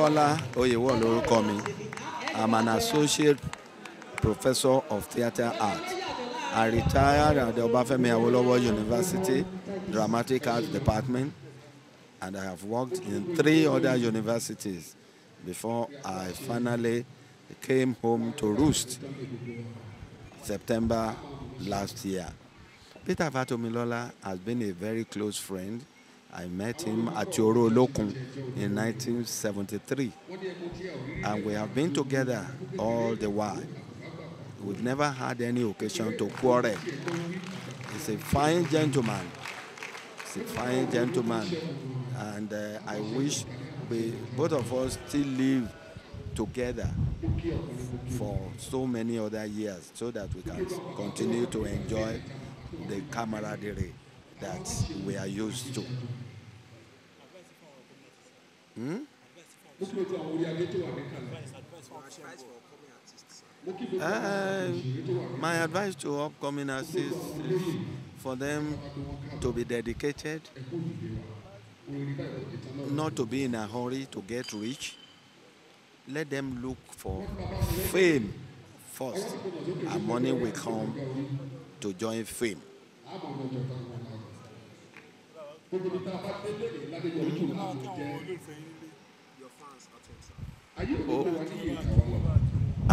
Kọ́lá Oyèwọ̀ lórúkọ mi I'm an associate professor of theatre art I retired at the Obafemi Awolowo University Dramatic Arts Department and I have worked in three other universities before I finally came home to roost September last year. Peter Vatomilola has been a very close friend I met him at Yoro Lokun in 1973. And we have been together all the while. We've never had any occasion to quarrel. He's a fine gentleman. He's a fine gentleman. And uh, I wish we, both of us still live together for so many other years so that we can continue to enjoy the camaraderie that we are used to. Hmm? Uh, my advice to upcoming artists is for them to be dedicated, not to be in a hurry to get rich. Let them look for fame first, and money will come to join fame gbogbo ibi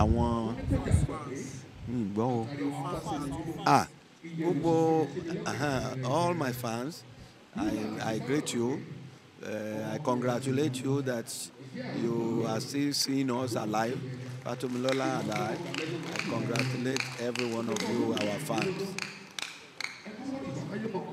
àwọn o ah gbogbo all my fans I, I greet you uh, I congratulate you that you are still seeing us alive. Fatumilola and I, I congratulate every one of you, our fans.